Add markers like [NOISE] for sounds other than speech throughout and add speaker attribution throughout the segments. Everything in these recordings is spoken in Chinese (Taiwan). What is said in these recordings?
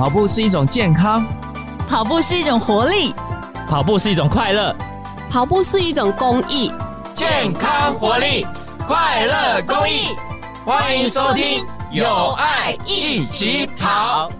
Speaker 1: 跑步是一種健康，跑步是一種活力，跑步是一種快樂，跑步是一種公益。健康、活力、快樂、公益，歡迎收聽《有愛一起
Speaker 2: 跑》。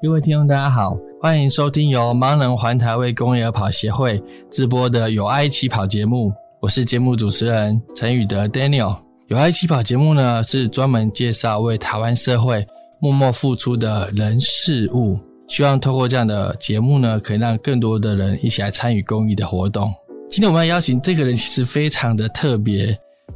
Speaker 2: 各位聽眾，大家好，歡迎收聽由盲人環台為公益而跑協會直播的《有愛起跑》節目，我是節目主持人陳宇德 Daniel。有愛益起跑節目呢，是專門介紹為台灣社會默默付出的人事物。希望透過這樣的節目呢，可以讓更多的人一起來參與公益的活動。今天我們要邀請這個人其實非常的特別，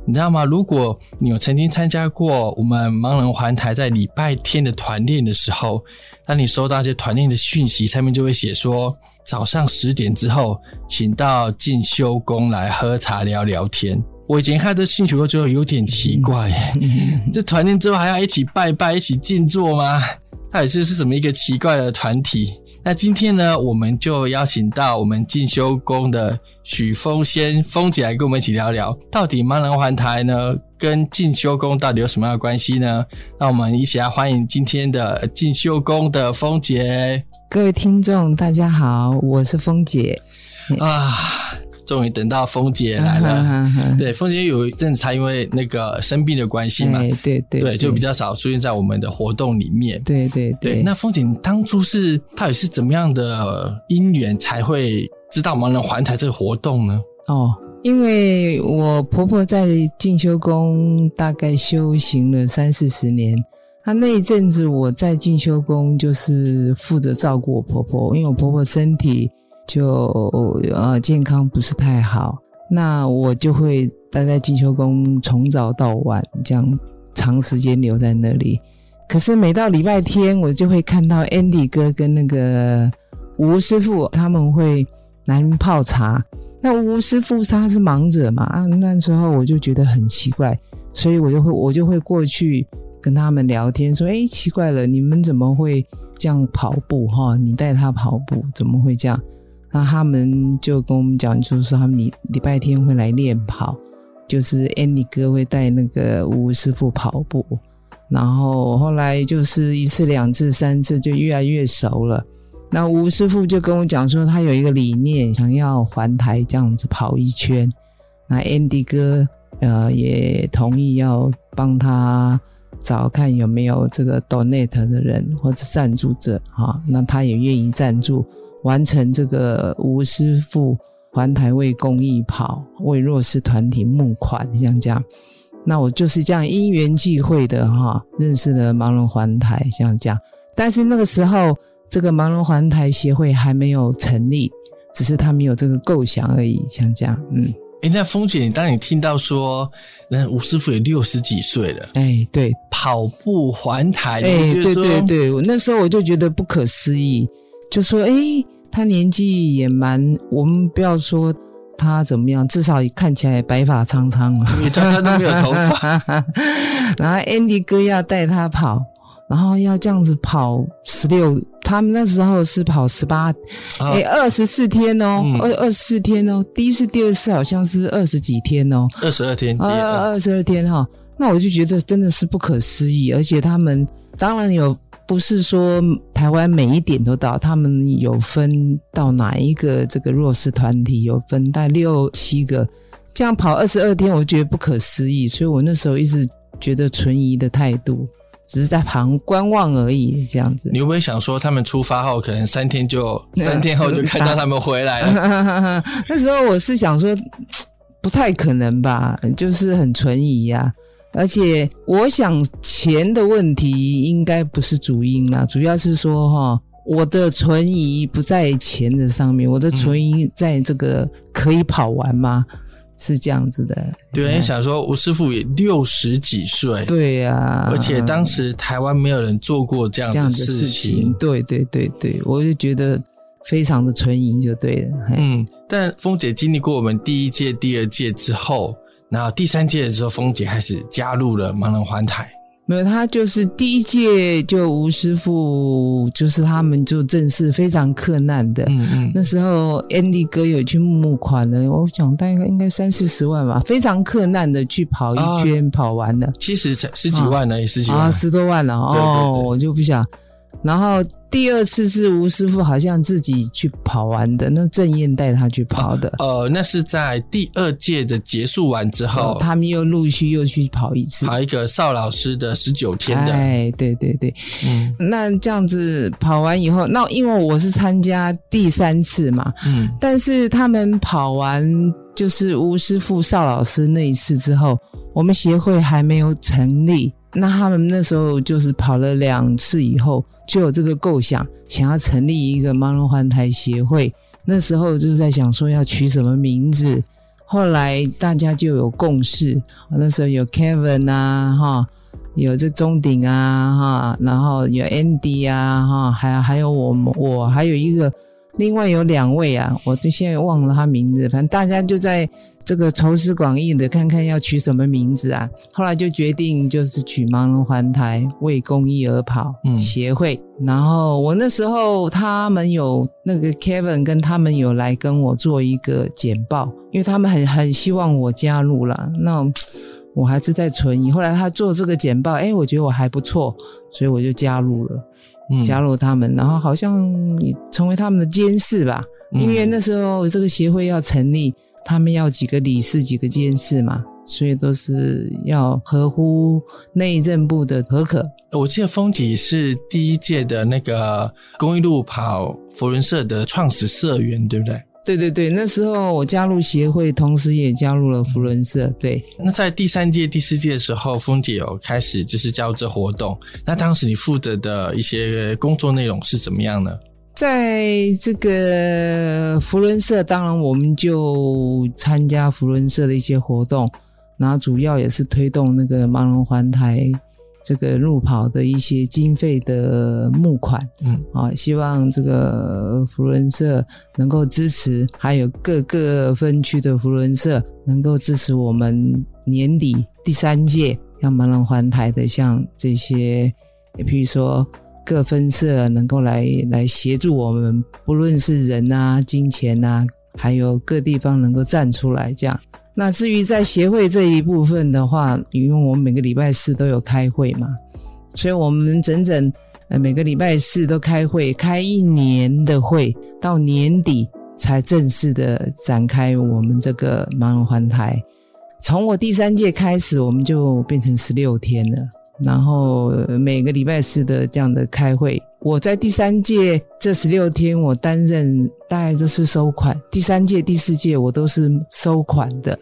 Speaker 2: 你知道嗎？如果你有曾經參加過我們盲人環台在禮拜天的團練的時候，當你收到一些團練的訊息，上面就會寫說，早上十點之後，請到靜修宮來喝茶聊聊天。我以前看這訊息後，覺得有點奇怪、嗯，嗯嗯、這團練之後還要一起拜拜、一起靜坐嗎？到底是是什麼一個奇怪的團體？那今天呢，我們就邀請到我們靜修宮的許蜂先蜂姐來跟我們一起聊聊，到底盲人環台呢？跟靜修宮到底有什麼樣的關係呢？那我們一起來歡迎今天的靜修宮的蜂姐。
Speaker 1: 各位聽眾，大家好，我是蜂姐
Speaker 2: 啊。唉終於等到蜂姐來了，啊、對，蜂姐有一陣子，她因為那個生病的關係嘛，哎、對對對，對，就比較少出現在我們的活動裡面。對對對，對，那蜂姐當初是到底是怎麼樣的因緣才會知道盲人環台這個活動呢？
Speaker 1: 哦，因為我婆婆在靜修宮大概修行了三四十年，她那一陣子我在靜修宮就是負責照顧我婆婆，因為我婆婆身體。就呃、哦、健康不是太好，那我就會待在靜修宮，從早到晚這樣長時間留在那裡。可是每到禮拜天，我就會看到 Andy 哥跟那個吳師傅他們會來泡茶。那吳師傅他是盲者嘛啊？那時候我就覺得很奇怪，所以我就會我就會過去跟他們聊天，說：哎，奇怪了，你們怎麼會這樣跑步哈？你帶他跑步怎麼會這樣？那他們就跟我們講出說，他們禮禮拜天會來練跑，就是 Andy 哥會帶那個吳師傅跑步，然後後來就是一次、兩次、三次，就越來越熟了。那吳師傅就跟我講說，他有一個理念，想要環台這樣子跑一圈。那 Andy 哥呃也同意要幫他找看有沒有這個 donate 的人或者贊助者啊，那他也願意贊助。完成這個吳師傅環台為公益跑，為弱勢團體募款，像這樣。那我就是這樣因緣際會的哈，認識了盲人環台，像這樣。但是那個時候，這個盲人環台協會還沒有成立，只是他沒有這個構想而已，像這樣。
Speaker 2: 嗯，哎、欸，那蜂姐，你當你聽到說，那吳師傅也六十幾歲了，哎、欸，對，跑步環台，哎，欸、對，對對
Speaker 1: 對，那時候我就覺得不可思議，就說，哎、欸。他年紀也蠻，我們不要說他怎麼樣，至少看起來白髮蒼蒼了。他他都沒有頭髮。然後 Andy 哥要帶他跑，然後要這樣子跑十六，他們那時候是跑十八、哦，哎、欸，二十四天哦，二二十四天哦，第一次、第二次好像是二十幾天哦，二
Speaker 2: 十二天，啊，
Speaker 1: 二十二天哈、哦，那我就覺得真的是不可思議，而且他們當然有。不是說台灣每一點都到，他們有分到哪一個這個弱勢團體，有分到六七個，這樣跑二十二天，我覺得不可思議，所以我那時候一直覺得存疑的態度，只是在旁觀望而已這樣子。
Speaker 2: 你有沒有想說，他們出發後可能三天就、啊、三天後就看到他們回來
Speaker 1: 了？ [LAUGHS] 那時候我是想說，不太可能吧，就是很存疑呀、啊。而且我想錢的問題應該不是主因啦，主要是說哈，我的存疑不在錢的上面，我的存疑在這個可以跑完嗎？嗯、是這樣子的。
Speaker 2: 對，嗯、想說吳師傅也六十幾歲，
Speaker 1: 對啊，而且當
Speaker 2: 時台灣沒有人做過這樣的事情、嗯、這樣的事情，
Speaker 1: 對對對對，我就覺得非常的存疑，就對了。嗯，
Speaker 2: 但蜂姐經歷過我們第一屆、第二屆之後。然後第三屆的時候，蜂姐開始加入了盲人環台。
Speaker 1: 沒有，他就是第一屆就吳師傅，就是他們就正式非常克難的。嗯嗯，嗯那時候 Andy 哥有去募，募款了，我想大概應該三四十萬吧，非常克難的去跑一圈，跑完了其實才、哦、十,十幾萬也、哦、十幾啊、哦、十多萬了、啊、哦，對對對，我就不想。然後第二次是吳師傅好像自己去跑完的，那鄭燕帶他去跑的。呃、
Speaker 2: 哦哦，那是在第二屆的結束完之後，後他
Speaker 1: 們又陸續又去跑一次，
Speaker 2: 跑一個邵老師的十九天的。對
Speaker 1: 對對對，嗯，那這樣子跑完以後，那因為我是參加第三次嘛，嗯，但是他們跑完就是吳師傅、邵老師那一次之後，我們協會還沒有成立。那他們那時候就是跑了兩次以後，就有這個構想，想要成立一個盲人環台協會。那時候就在想說要取什麼名字，後來大家就有共識。那時候有 Kevin 啊，哈，有這鍾鼎啊，哈，然後有 Andy 啊，哈，還還有我們，我還有一個，另外有兩位啊，我就現在忘了他名字，反正大家就在。這個集思廣益的，看看要取什麼名字啊？後來就決定就是取盲還台“盲人環台為公益而跑”協會。嗯、然後我那時候他們有那個 Kevin 跟他們有來跟我做一個簡報，因為他們很很希望我加入了。那我，我還是在存疑。後來他做這個簡報，哎，我覺得我還不錯，所以我就加入了，加入他們。嗯、然後好像成為他們的監事吧，因為那時候這個協會要成立。他們要幾個理事，幾個監事嘛，所以都是要合乎內政部的核可。我記得蜂
Speaker 2: 姐是第一屆的那個公益路跑扶輪社的創始社員，
Speaker 1: 對不對？對對對，那時候我加入協會，同時也加入了扶輪社。對，
Speaker 2: 那在第三屆、第四屆的時候，蜂姐有開始就是加入這活動。那當時你負責的一些工作內容是怎麼樣呢？
Speaker 1: 在這個扶輪社，當然我們就參加扶輪社的一些活動，然後主要也是推動那個盲人環台這個路跑的一些經費的募款。嗯，啊，希望這個扶輪社能夠支持，還有各個分區的扶輪社能夠支持我們年底第三屆像盲人環台的像這些，也比如說。各分社能夠來來協助我們，不論是人啊、金錢啊，還有各地方能夠站出來這樣。那至於在協會這一部分的話，因為我們每個禮拜四都有開會嘛，所以我們整整，呃，每個禮拜四都開會，開一年的會，到年底才正式的展開我們這個盲人環台。從我第三屆開始，我們就變成十六天了。然後每個禮拜四的這樣的開會，我在第三屆這十六天，我擔任大概都是收款。第三屆、第四屆我都是收款的，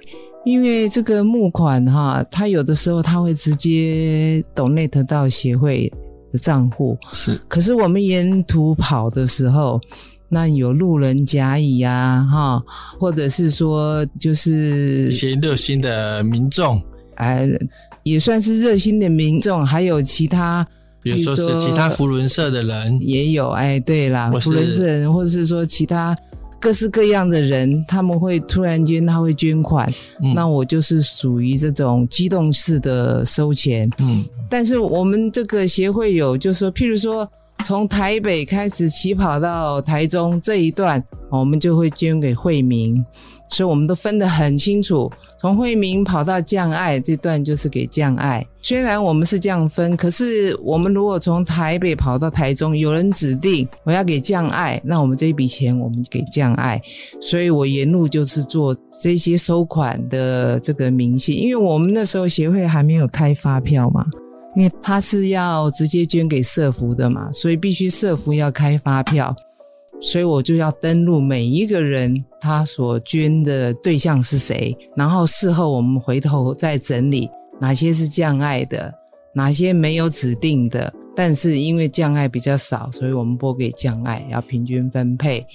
Speaker 1: 因為這個募款哈，他有的時候他會直接 donate 到協會的賬戶。是，可是我們沿途跑的時候，那有路人甲乙啊，哈，或者是說就是一些熱心的民眾。哎，也算是熱心的民眾，還有其他，如比如說是其他扶
Speaker 2: 輪社的人也有，哎，
Speaker 1: 對啦，扶輪是社的人，或者是說其他各式各樣的人，他們會突然間他會捐款，嗯、那我就是屬於這種機動式的收錢。嗯，但是我們這個協會有就是，就說譬如說從台北開始起跑到台中這一段，我們就會捐給惠民。所以我們都分得很清楚，從惠民跑到降愛這段就是給降愛。雖然我們是這樣分，可是我們如果從台北跑到台中，有人指定我要給降愛，那我們這一筆錢我們就給降愛。所以我沿路就是做這些收款的這個明細，因為我們那時候協會還沒有開發票嘛，因為他是要直接捐給社福的嘛，所以必須社福要開發票。所以我就要登錄每一個人，他所捐的對象是誰，然後事後我們回頭再整理哪些是障礙的，哪些沒有指定的。但是因為障礙比較少，所以我們撥給障礙要平均分配，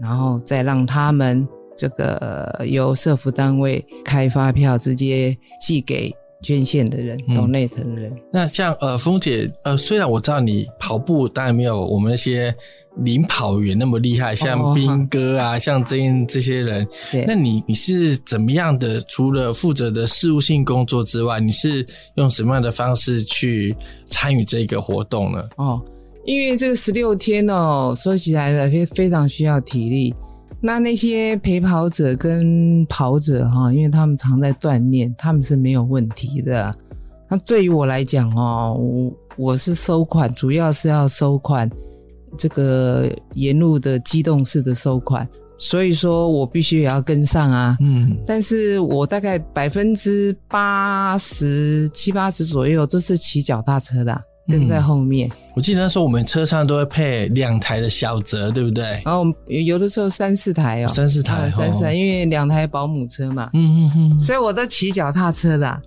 Speaker 1: 然後再讓他們這個由社福單位開發票，直接寄給捐獻的人懂內的人，
Speaker 2: 那像呃，蜂姐呃，雖然我知道你跑步，當然沒有我們那些領跑員那麼厲害，像斌哥啊，哦、像這這些人，對，那你你是怎麼樣的？除了負責的事務性工作之外，你是用什麼樣的方式去參與這個活動呢？哦，
Speaker 1: 因為這個十六天哦，說起來的非非常需要體力。那那些陪跑者跟跑者哈，因為他們常在鍛鍊，他們是沒有問題的。那對於我來講哦，我我是收款，主要是要收款，這個沿路的機動式的收款，所以說我必須也要跟上啊。嗯，但是我大概百分之八十七八十左右都是騎腳踏車的啊。跟在後面、嗯，我記得那時候我們車上都會配兩台的小折，對不對？然後有，有的時候三四台哦，三四台，三四台，四台哦、因為兩台保姆車嘛。嗯嗯嗯。所以我都騎腳踏車的，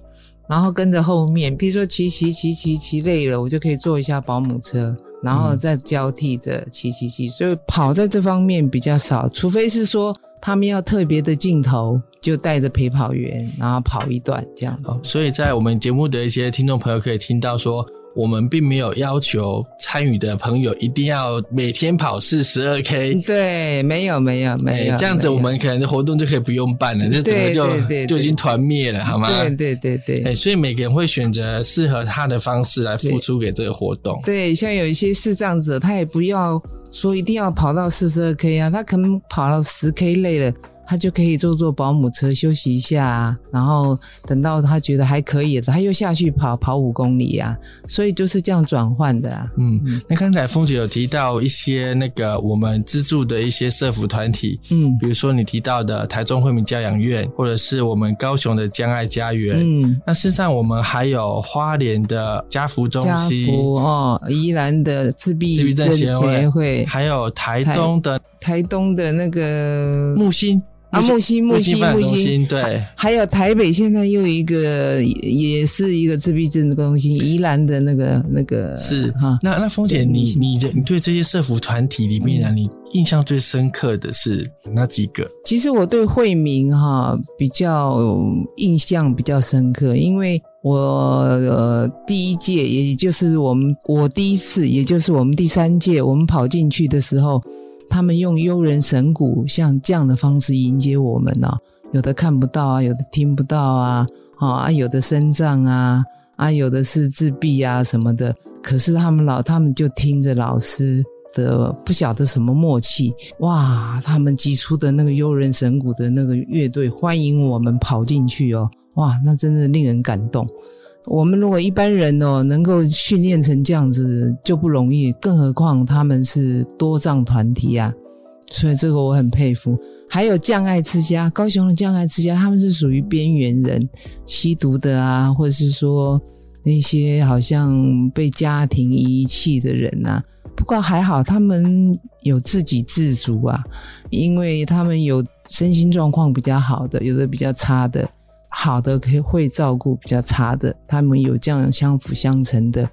Speaker 1: 然後跟着後面。比如說騎騎騎騎騎累了，我就可以坐一下保姆車，然後再交替着騎騎騎。嗯、所以跑在這方面比較少，除非是說他們要特別的鏡頭，就帶着陪跑員，然後跑一段這樣子、哦。
Speaker 2: 所以在我們節目的一些聽眾朋友可以聽到說。我們並沒有要求參與的朋友一定要每天跑四十二 K，對，沒有沒有沒
Speaker 1: 有，沒有欸、這樣子我
Speaker 2: 們可能活動就可以不用辦了，這怎麼就就，對對就已經團滅了，對好嗎？
Speaker 1: 對對對，哎、
Speaker 2: 欸，所以每個人會選擇適合他的方式來付出給這個活動。對，
Speaker 1: 對，像有一些視障者，他也不要說一定要跑到四十二 K 啊，他可能跑到十 K 累了。他就可以坐坐保姆車休息一下啊，然後等到他覺得還可以了，他又下去跑跑五公里啊，所以就是這樣轉換的啊。
Speaker 2: 嗯，那剛才蜂姐有提到一些那個我們資助的一些社福團體，嗯，比如說你提到的台中惠民教養院，或者是我們高雄的江愛家園。嗯，那事實上我們還有花蓮的家福中心，家福哦，宜
Speaker 1: 蘭的自閉自閉症協會，還有台東的台，台東的那個木星。啊，木西木西木西，對，還有台北現在又一個，也是一個自閉症的中心，宜蘭的那個那個是哈。
Speaker 2: 那那蜂姐，你你你對這些社福團體裡面呢，你印象最深刻的是哪幾個？
Speaker 1: 其實我對惠民哈比較印象比較深刻，因為我呃，第一屆，也就是我們我第一次，也就是我們第三屆，我們跑進去的時候。他們用優人神鼓，像這樣的方式迎接我們呢、哦。有的看不到啊，有的聽不到啊，哦、啊有的身障啊，啊，有的是自閉啊什麼的。可是他們老，他們就聽着老師的，不曉得什麼默契。哇，他們集出的那個優人神鼓的那個樂隊，歡迎我們跑進去哦。哇，那真的令人感動。我們如果一般人哦，能夠訓練成這樣子就不容易，更何況他們是多障團體啊，所以這個我很佩服。還有障愛之家，高雄的障愛之家，他們是屬於邊緣人，吸毒的啊，或者是說那些好像被家庭遺棄的人吶、啊。不過還好，他們有自給自足啊，因為他們有身心狀況比較好的，有的比較差的。好的可以會照顧比較差的，他們有這樣相輔相成的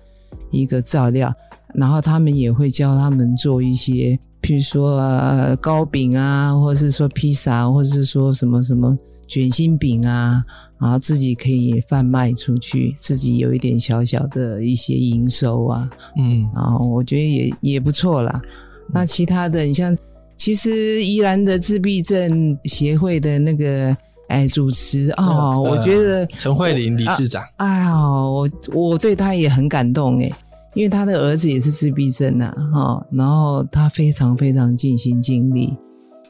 Speaker 1: 一個照料，然後他們也會教他們做一些，比如說，呃，糕餅啊，或者是說披薩，或者是說什麼什麼卷心餅啊，然後自己可以販賣出去，自己有一點小小的一些營收啊，嗯，然後我覺得也也不錯啦。那其他的你像，其實宜蘭的自閉症協會的那個。哎，主持哦，嗯、我覺得陳、
Speaker 2: 呃、慧琳理事長，
Speaker 1: 啊、哎呀，我我對他也很感動誒，因為他的兒子也是自閉症吶、啊、哈、哦，然後他非常非常盡心盡力，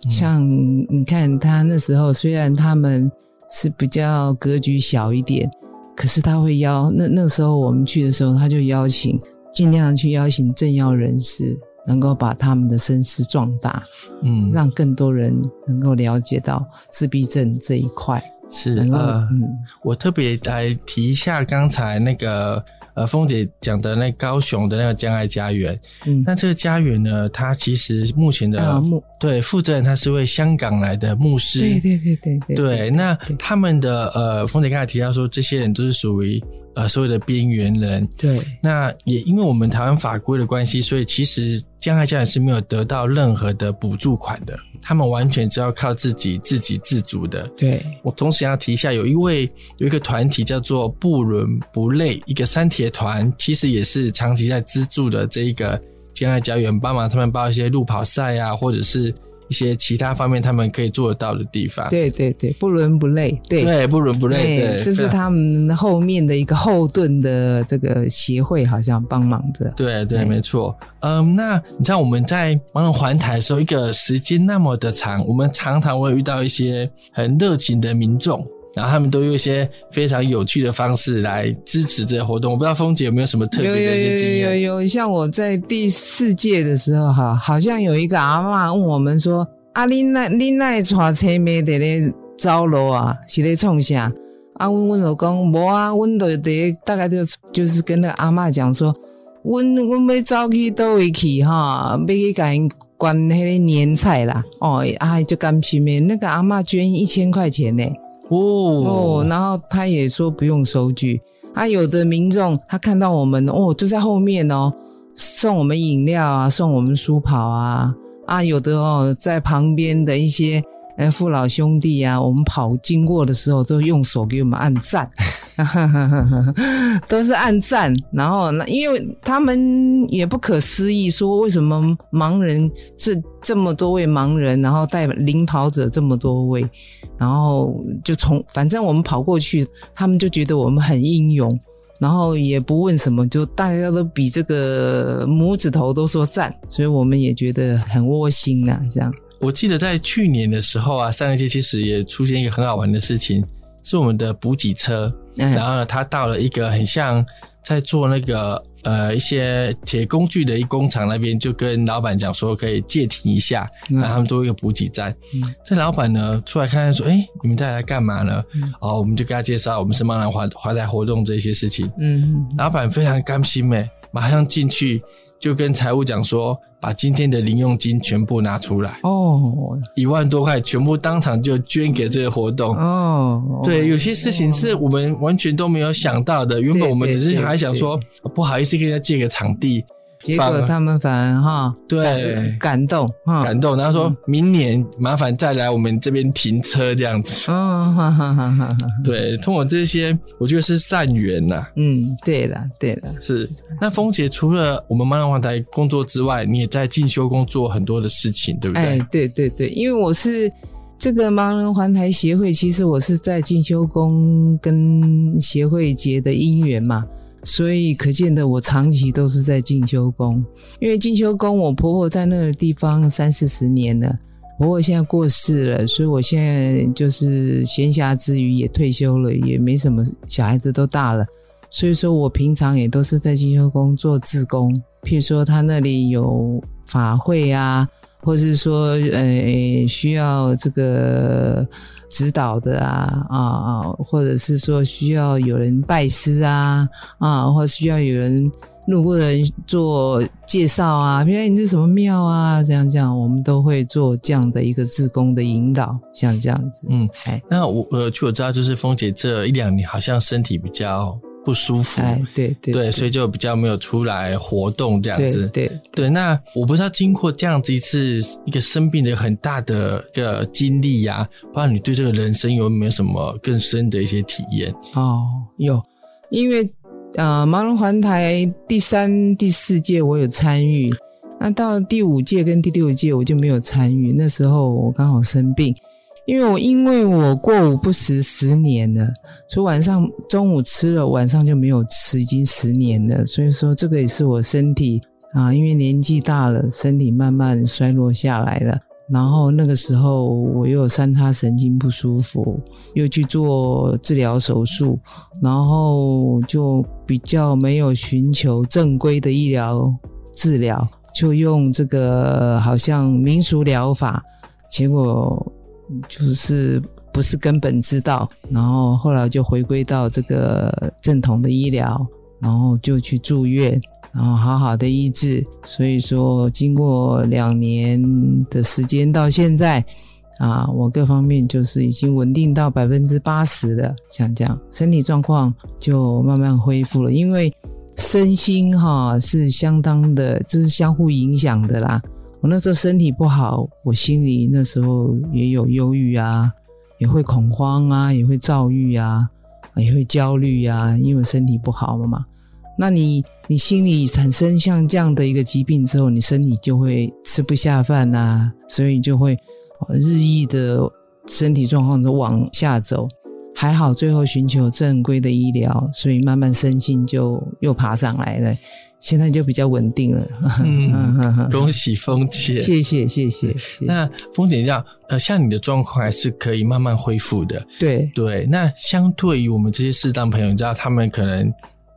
Speaker 1: 嗯、像你看他那時候，雖然他們是比較格局小一點，可是他會邀那那時候我們去的時候，他就邀請盡量去邀請政要人士。能夠把他們的聲勢壯大，嗯，讓更多人能夠了解到自閉症這一塊，是，能夠、呃、嗯，
Speaker 2: 我特別來提一下剛才那個，呃，蜂姐講的那高雄的那個江愛家園，嗯，那這個家園呢，它其實目前的、呃、對負責人他是位香港來的牧師，對
Speaker 1: 對對對對，
Speaker 2: 那他們的呃，蜂姐剛才提到說這些人都是屬於。呃，所有的邊緣人，對，那也因為我們台灣法規的關係，所以其實江海家園是沒有得到任何的補助款的，他們完全只要靠自己自給自足的。對，我同時要提一下，有一位有一個團體叫做不倫不類，一個三鐵團，其實也是長期在資助的這一個江海家園，幫忙他們報一些路跑賽啊，或者是。一些其他方面，他們可以做得到的地方，對
Speaker 1: 對對，不倫不類，對對，不倫不類，這是他們後面的一個後盾的這個協會，好像幫忙着，
Speaker 2: 對，對對，對沒錯，嗯，那你像我們在幫環台的時候，一個時間那麼的長，我們常常會遇到一些很熱情的民眾。然後他們都用一些非常有趣的方式來支持這些活動。我不知道蜂姐有沒有什麼特別的一些經驗？有有，有有
Speaker 1: 有，像我在第四屆的時候哈，好像有一個阿嬤問我們說：“阿恁奈恁奈車沒得嘞？招樓啊，起得衝啥？”阿我問老公無啊，問到得大概就就是跟那個阿嬤講說，問問要走去都會去哈、啊，要去趕趕那個年菜啦。哦，哎、啊，就干拼命，那個阿嬤捐一千塊錢呢。”哦，哦，然後他也說不用收據。啊，有的民眾他看到我們哦，就在後面哦，送我們飲料啊，送我們舒跑啊。啊，有的哦，在旁邊的一些呃、欸、父老兄弟啊，我們跑經過的時候，都用手給我們按讚。哈哈哈哈哈， [LAUGHS] 都是按贊，然後那因為他們也不可思議，說為什麼盲人這這麼多位盲人，然後帶領跑者這麼多位，然後就從反正我們跑過去，他們就覺得我們很英勇，然後也不問什麼，就大家都比這個拇指頭都說贊，所以我們也覺得很窩心吶、啊。這樣。
Speaker 2: 我記得在去年的時候啊，上一屆其實也出現一個很好玩的事情。是我們的補給車，然後呢，他到了一個很像在做那個呃，一些鐵工具的一工廠那邊，就跟老板講說，可以借停一下，讓他們做一個補給站。Mm hmm. 這老板呢，出來看看說：“哎、欸，你們帶來幹嘛呢？” mm hmm. 哦，我們就跟他介紹我們是盲人環台活動這些事情。嗯、mm，hmm. 老板非常甘心誒，馬上進去就跟財務講說。把今天的零用金全部拿出來，哦，一萬多塊全部當場就捐給這個活動，哦，oh.
Speaker 1: oh、對，
Speaker 2: 有些事情是我們完全都沒有想到的，oh、my God. 原本我們只是還想說，對對對對。不好意思，跟人家借個場地。結果他
Speaker 1: 們反而哈，
Speaker 2: 對，感，感動，哦、感動，然後說明年麻煩再來我們這邊停車這樣子。嗯，哈哈哈哈哈。對，通過這些，我覺得是善緣吶、
Speaker 1: 啊。嗯，對了對了。
Speaker 2: 是。那蜂姐除了我們盲人環台工作之外，你也在靜修宮做很多的事情，對不對？哎、
Speaker 1: 對對對，因為我是這個盲人環台協會，其實我是在靜修宮跟協會結的姻緣嘛。所以可見得，我長期都是在靜修宮，因為靜修宮我婆婆在那個地方三四十年了，婆婆現在過世了，所以我現在就是閒暇之餘也退休了，也沒什麼，小孩子都大了，所以說我平常也都是在靜修宮做志工，譬如說他那裡有法會啊。或是說，呃，需要這個指導的啊啊啊，或者是說需要有人拜師啊啊，或是需要有人路過的人做介紹啊，比如說你這什麼廟啊，這樣這樣，我們都會做這樣的一個志工的引導，像這樣子。嗯，嘿
Speaker 2: 那我呃，據我知道，就是蜂姐這一兩年好像身體比較不舒服，對對、對、對，所以就比較沒有出來活動這樣子。對對、對，那我不知道經過這樣子一次一個生病的很大的一個經歷呀，啊，不知道你對這個人生有沒有什麼更深的一些體驗？
Speaker 1: 哦，有，因為呃，盲人環台第三、第四屆我有參與，那到第五屆跟第六屆我就沒有參與，那時候我剛好生病。因為我因為我過午不食十年了，所以晚上中午吃了，晚上就沒有吃，已經十年了。所以說，這個也是我身體啊，因為年紀大了，身體慢慢衰落下來了。然後那個時候我又有三叉神經不舒服，又去做治療手術，然後就比較沒有尋求正規的醫療治療，就用這個好像民俗療法，結果。就是不是根本之道，然後後來就回歸到這個正統的醫療，然後就去住院，然後好好的醫治。所以說，經過兩年的時間到現在，啊，我各方面就是已經穩定到百分之八十了，像這樣身體狀況就慢慢恢復了。因為身心哈、啊、是相當的，這、就是相互影響的啦。我那時候身體不好，我心裡那時候也有憂鬱啊，也會恐慌啊，也會躁鬱啊，也會焦慮啊，因為身體不好嘛。那你你心裡產生像這樣的一個疾病之後，你身體就會吃不下飯吶、啊，所以就會日益的身體狀況都往下走。還好最後尋求正規的醫療，所以慢慢身心就又爬上來了。現在就比較穩定了、嗯。 [LAUGHS] 恭喜蜂姐！謝謝謝謝。
Speaker 2: 那蜂
Speaker 1: 姐，這樣呃，
Speaker 2: 像你的狀況還是可以慢慢恢復的。對對。那相對於我們這些視障朋友，你知道，他們可能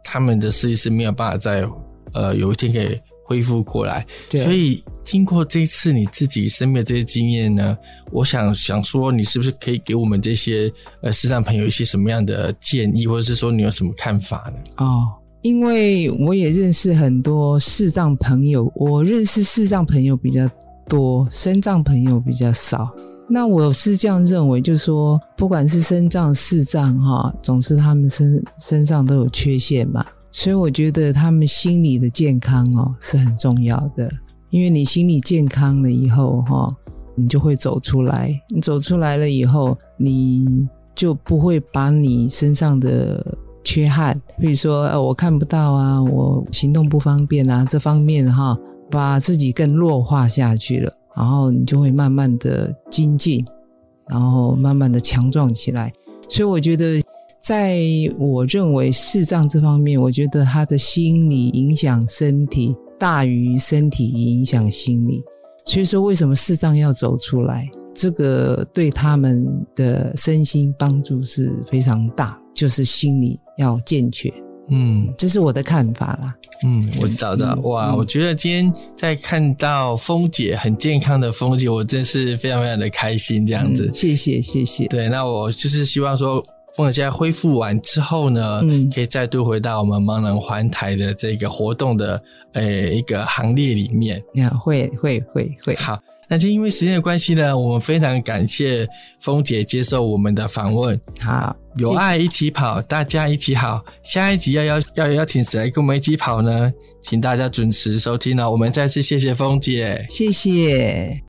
Speaker 2: 他們的視力是沒有辦法再呃有一天可以恢復過來。對所以經過這一次你自己身邊的這些經驗呢，我想想說，你是不是可以給我們這些呃視障朋友一些什麼樣的建議，或者是說你有什麼看法呢？
Speaker 1: 哦。因為我也認識很多視障朋友，我認識視障朋友比較多，身障朋友比較少。那我是這樣認為，就是說，不管是身障、視障哈、哦，總是他們身身上都有缺陷嘛，所以我覺得他們心理的健康哦是很重要的。因為你心理健康了以後哈、哦，你就會走出來，你走出來了以後，你就不會把你身上的。缺憾，比如說，呃，我看不到啊，我行動不方便啊，這方面哈，把自己更弱化下去了，然後你就會慢慢的精進，然後慢慢的強壯起來。所以我覺得，在我認為視障這方面，我覺得他的心理影響身體大於身體影響心理。所以說，為什麼視障要走出來？這個對他們的身心幫助是非常大，就是心理要健全，嗯，這是我的看法啦。嗯，
Speaker 2: 我知道的，嗯、哇，嗯、我覺得今天在看到蜂姐很健康的蜂姐，我真是非常非常的開心，這樣子，嗯。謝謝，謝謝。對，那我就是希望說，蜂姐現在恢復完之後呢，嗯、可以再度回到我們盲人環台的這個活動的呃、欸、一個行列裡面。啊，會會會會好。那就因為時間的關係呢，我們非常感謝蜂姐接受我們的訪問。好，謝謝，有愛一起跑，大家一起好。下一集要邀要邀請誰跟我們一起跑呢？請大家準時收聽哦。我們再次謝謝蜂姐，謝謝。